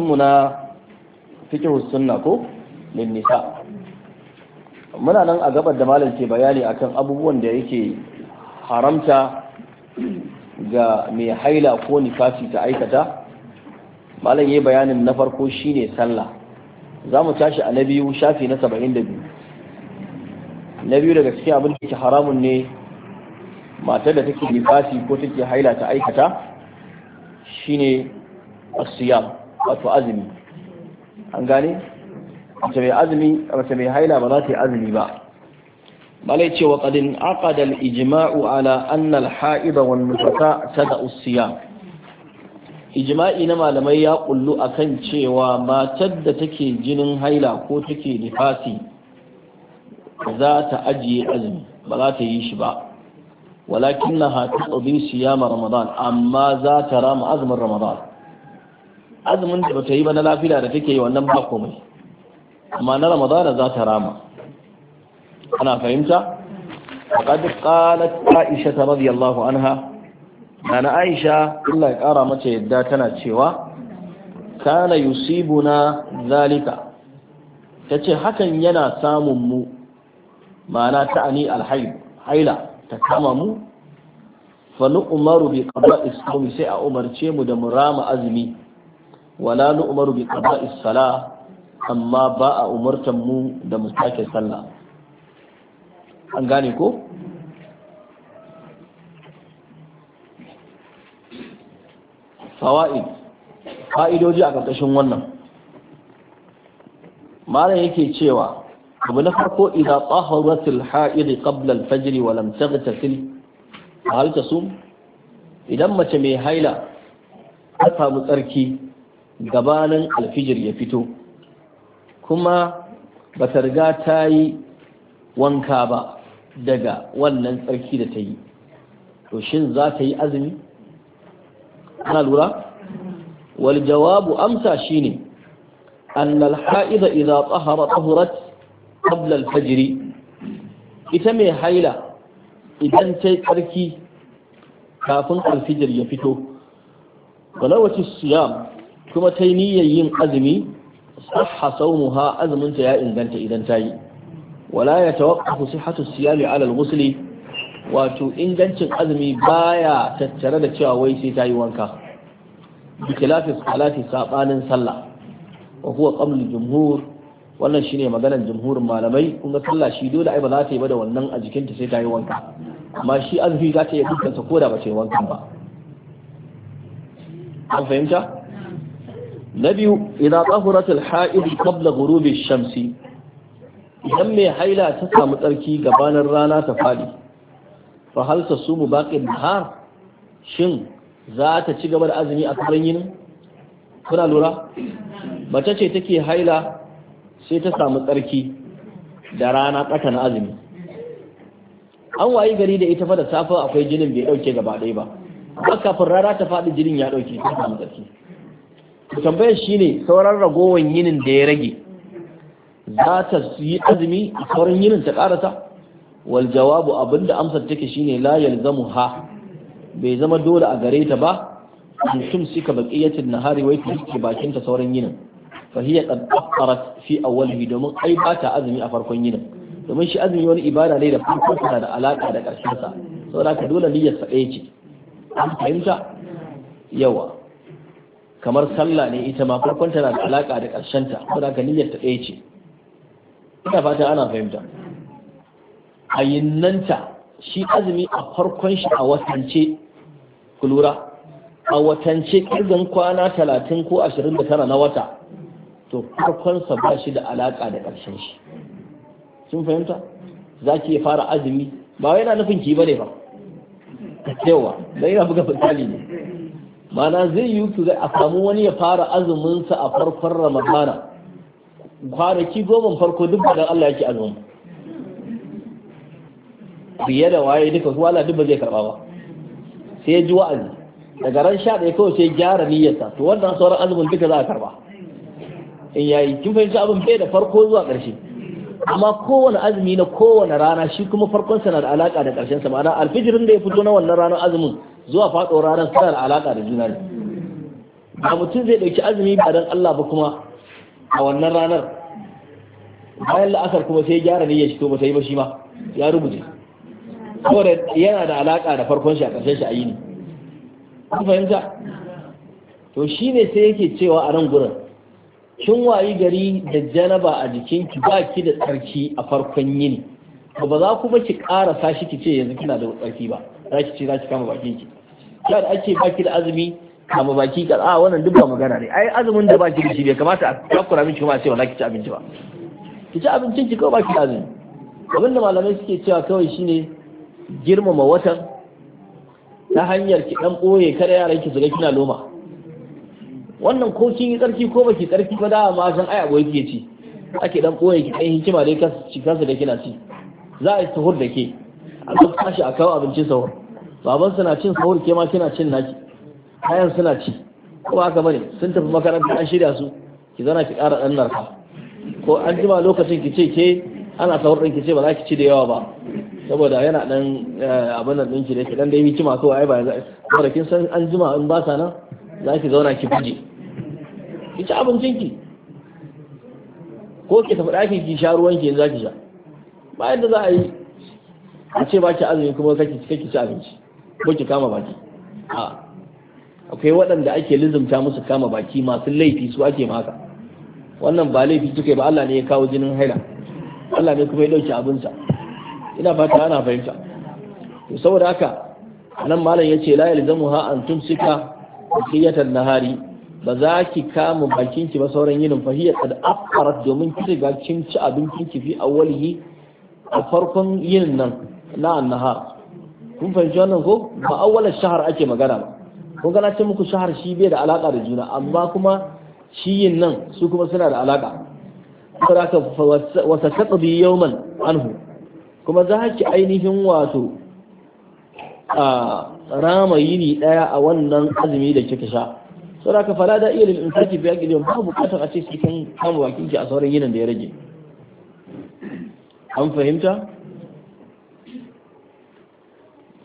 mu na fikir sunna ko nisa muna nan a gabar da malam ke bayani akan abubuwan da yake haramta ga mai haila ko nifasi ta aikata malam yayi bayanin na farko shine sallah za mu tashi a na biyu shafi na 72 na biyu daga cikin abin da ke haramun ne matar da take nifasi ko take haila ta aikata shine asiyam wato azumi an gane mace mai azumi mace mai haila ba za ta yi azumi ba malai cewa qadin aqada al ijma'u ala anna al ha'ida wan nufasa tada ijma'i na malamai ya kullu akan cewa matar da take jinin haila ko take nifasi za ta ajiye azumi ba za ta yi shi ba walakin na hatu siyama ramadan amma za ta rama azumin ramadan azumin da bata yi ba na lafiya da take yi wannan ba komai amma na ramadana za ta rama ana fahimta faqad qalat aisha radiyallahu anha nana aisha illa ya kara mace yadda tana cewa kana yusibuna zalika tace hakan yana samun mu ma'ana ta'ani alhayd haila ta kama mu fa nu'maru bi qada'is sai a umarce mu da murama azumi wala nu'maru bi qada'is sala amma ba a mu da mu sallah an gane ko fawaid fa'idoji a ƙarƙashin wannan malam yake cewa abu na farko idza taharatil ha'id qabla al-fajr wa lam taghtasil hal tasum idan mace mai haila ta samu tsarki gabanin alfijir ya fito kuma ba ta riga ta yi wanka ba daga wannan tsarki da ta yi to shin za ta yi azumi ana lura wal jawabu amsa shine an al iza idza tahara tahurat qabla ita mai haila idan ta yi tsarki kafin alfijir ya fito galawati siyam kuma ta niyyar yin azumi sahha saumuha azuminta ya inganta idan ta yi wala ya tawaqqafu sihhatu siyami ala al wato ingancin azumi baya tattare da cewa wai sai ta yi wanka bi khilafi salati sabanin sallah wa huwa qabl jumhur wannan shine maganar jumhurin malamai kun ga sallah shi dole ai ba za ta yi ba da wannan a jikinta sai ta yi wanka amma shi azumi za ta yi dukkan sa koda ba ta yi wankan ba an fahimta na biyu idan tsahuratul ha'idu kabla gurubi shamsi idan mai haila ta samu tsarki gabanin rana ta fadi fa hal mu baƙin nahar shin za ta ci gaba da azumi a karan yinin kuna lura mace ce take haila sai ta samu tsarki da rana tsaka na azumi an wayi gari da ita fa da safa akwai jinin bai ɗauke gaba ɗaya ba kafin rana ta faɗi jinin ya ɗauke, ta samu tsarki ku tambayar shine sauran ragowar yinin da ya rage za ta yi azumi a sauran yinin ta karata? wal jawabu abinda amsar take shine la yalzamu ha bai zama dole a gare ta ba mutum suka baqiyatin nahari wai ta rike bakin ta sauran yinin fa hiya qad qarat fi awwalihi domin ai ba ta azumi a farkon yinin domin shi azumi wani ibada ne da farko tana da alaka da karshen sa saboda ka dole niyyar sa ɗaya ce an fahimta yawa kamar sallah ne ita ma farkon tana da alaka da karshen ta ko da niyyar ta ɗaya ce ina fata ana fahimta ayinnanta shi azumi a farkon shi a watance kulura a watance kirgan kwana talatin ko ashirin da tara na wata to farkonsa ba shi da alaka da ƙarshen shi sun fahimta za ki fara azumi ba wai yana nufin ki ne ba ka yawa don yana buga fitali ne mana zai yi ku a samu wani ya fara azuminsa a farkon ramadana kwanaki goma farko duk da Allah yake azumi biye da waye duka su Allah duk ba zai karba ba sai ya ji wa'azi daga ran sha ɗaya kawai sai gyara niyyarsa to wannan sauran azumin duka za a karba in yayi kin fahimci abin bai da farko zuwa ƙarshe amma kowane azumi na kowane rana shi kuma farkon sa na da alaka da ƙarshen sa ma'ana alfijirin da ya fito na wannan ranar azumin zuwa faɗo ranar suna da alaƙa da juna ba mutum zai ɗauki azumi ba don Allah ba kuma a wannan ranar bayan la'asar kuma sai gyara ne ya shi ba sai ba shi ma ya rubuce saboda yana da alaƙa da farkon shi a ƙarshen shi a yi ne fahimta to shi ne sai yake cewa a nan gurin kin wayi gari da janaba a jikinki ba ki da tsarki a farkon yini ba za kuma ki ƙara sashi ki ce yanzu kina da tsarki ba za ki ce za ki kama bakin ki da ake baki da azumi kama baki ka a wannan duk ba magana ne ai azumin da baki da shi bai kamata a kakura min kuma a ce wallahi ki ci abinci ba ki ci abincin ki kawai baki da azumi abin da malamai suke cewa kawai shine girmama watan ta hanyar ki dan boye kada yaran ki zuga kina loma wannan ko kin yi tsarki ko baki tsarki ba da ma san ai aboki ke ci ake dan boye ki dan hikima dai ka ci kansa da kina ci za a yi sahur da ke a tashi a kawo abincin sahur baban suna cin sahur ke ma kina cin naki kayan suna ci ko haka bane sun tafi makaranta an shirya su ki zana ki ƙara ɗan narka ko an jima lokacin ki ce ke ana sahur ɗin ki ce ba za ki ci da yawa ba saboda yana ɗan eh, abin nan ɗinki da ki ɗan dai hikima kawai ai ba ya zaɓe, kin san an jima in ba sa nan za ki zauna ki buje ki ci abincinki ko ki tafi ɗakin ki sha ruwan ki za ki sha ba yadda za a yi a ce ba ki azumi kuma kake ci abinci ko ki kama baki a akwai waɗanda ake lizumta musu kama baki masu laifi su ake maka wannan ba laifi suke ba Allah ne ya kawo jinin haila Allah ne kuma ya ɗauki abinsa ina fata ana fahimta to saboda haka nan malam yace la yalzamu ha an tumsika qiyatan nahari ba za ki kama bakin ki ba sauran yinin fahiyar qad afarat domin ki ga kin ci abincin ki fi awwalihi a farkon yin nan na annahar kun fahimci wannan ko ba awwalar shahar ake magana ba kun gana ce muku shahar shi bai da alaka da juna amma kuma shi yin nan su kuma suna da alaka za ka wasa taqdi yawman anhu kuma za ki ainihin wato a rama yini daya a wannan azumi da kika sha da ka fara da iya lil insaki biya yaqdi ba bukatar a ce su kan kama bakin ki a sauran yinin da ya rage an fahimta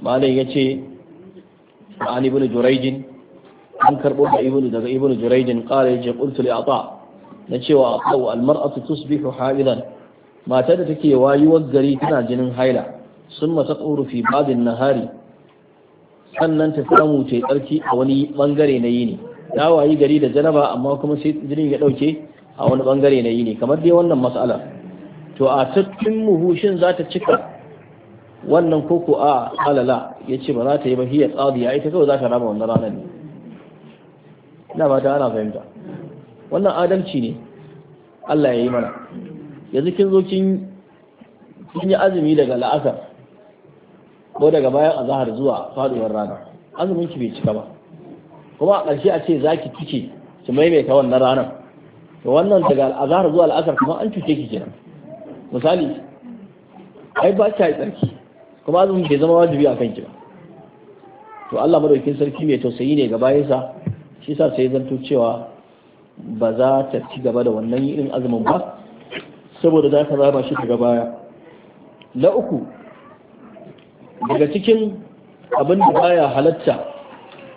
malai ya ce an ibn juraijin an karɓo da ibn daga ibn juraijin ƙara ya ce ƙultu li ata na cewa aqau al mar'atu tusbihu hailan matar da take wayuwar gari tana jinin haila summa taquru fi ba'din nahari sannan ta samu ce tsarki a wani bangare na yini Ya wayi gari da janaba amma kuma sai jinin ya ɗauke a wani bangare na yini kamar dai wannan mas'ala to a tattun muhushin za ta cika wannan koko a alala ya ce ba za ta yi ba hiyar tsadiya ita kawai za ta rama wannan ranar ne ina mata ana fahimta wannan adalci ne Allah ya yi mana yanzu kin zo kin yi azumi daga la'asar ko daga bayan azahar zuwa faduwar rana azumin ki bai cika ba kuma a ƙarshe a ce zaki cike ki maimaita wannan ranar to wannan daga azahar zuwa la'asar kuma an cuce ki kenan misali ai ba ta yi tsarki kuma azumin bai zama wajibi a kanki ba to Allah maɗaukin sarki mai tausayi ne ga bayansa shi sa sai zanto cewa ba za ta ci gaba da wannan irin azumin ba saboda za ka zama shi daga baya na uku daga cikin abin da baya halatta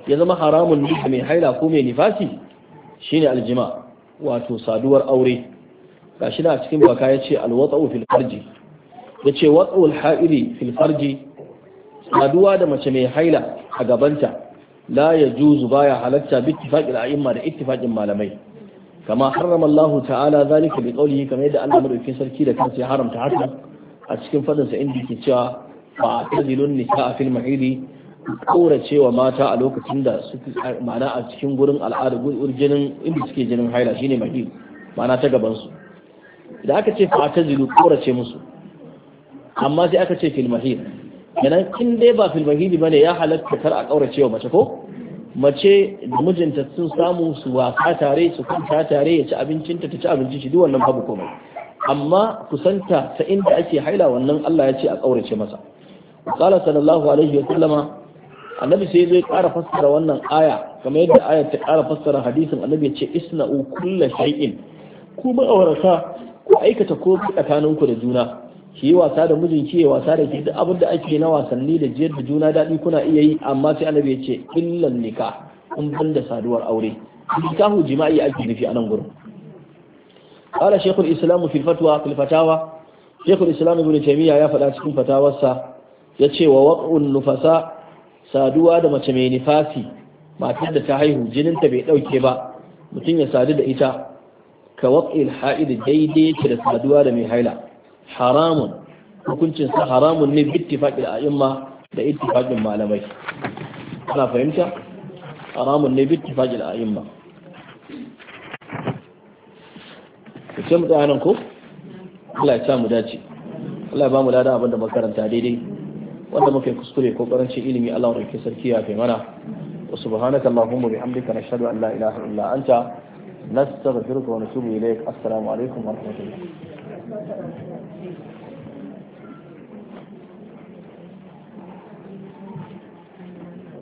ya zama haramun ne mai haila ko mai nifasi shine aljima wato saduwar aure gashi na cikin baka ya ce alwatsa fil farji ya ce watsul ha'iri fil farji saduwa da mace mai haila a gabanta la ya juzu baya halatta bi ittifaqil a'imma da ittifaqin malamai kama haramar lahu ta'ala zalika bi qawlihi kamar yadda Allah madaukakin sarki da kansa ya haramta haka a cikin fadin sa inda yake cewa fa tazilun filma, fil mahidi kauracewa mata a lokacin da suke ma'ana a cikin gurin al'ada jinin inda suke jinin haila shine mahidi ma'ana ta gaban su da aka ce fa tazilu kaurace musu amma sai aka ce filmahir kenan in dai ba ba ne ya halatta kar a kaurace wa mace ko mace da mijinta sun samu su wasa tare su kwanta tare ya ci abincinta ta ci abincin shi duk wannan babu komai amma kusanta ta inda ake haila wannan Allah ya ce a kaurace masa qala sallallahu alaihi wa sallama annabi sai zai ƙara fassara wannan aya kamar yadda aya ta ƙara fassara hadisin annabi ya ce isna'u kullu shay'in Ku ma'aurata ku aikata ko tsakaninku da juna ki yi wasa da mijin ki yi wasa da ki duk abin da ake na wasanni da jiyar da juna daɗi kuna iya yi amma sai annabi ya ce illan nika in ban saduwar aure nikahu jima'i ake nufi a nan gurin qala shaykhul islam fi fatwa fil fatawa shaykhul islam ibn taymiya ya faɗa cikin fatawarsa ya ce wa waqul nufasa saduwa da mace mai nifasi matar da ta haihu jinin ta bai dauke ba mutum ya sadu da ita ka waq'il ha'id daidai ce da saduwa da mai haila haramun hukuncin sa haramun ne a a'imma da ittifaqin malamai ana fahimta haramun ne bittifaqil a'imma ce mu tsaya nan ko Allah ya ta mu dace Allah ya ba mu lada abin da makaranta daidai wanda muke kuskure ko karancin ilimi Allah ya rike sarki ya fi mana wa subhanaka allahumma bihamdika nashhadu an la ilaha illa anta nastaghfiruka wa natubu ilayk assalamu alaikum wa rahmatullah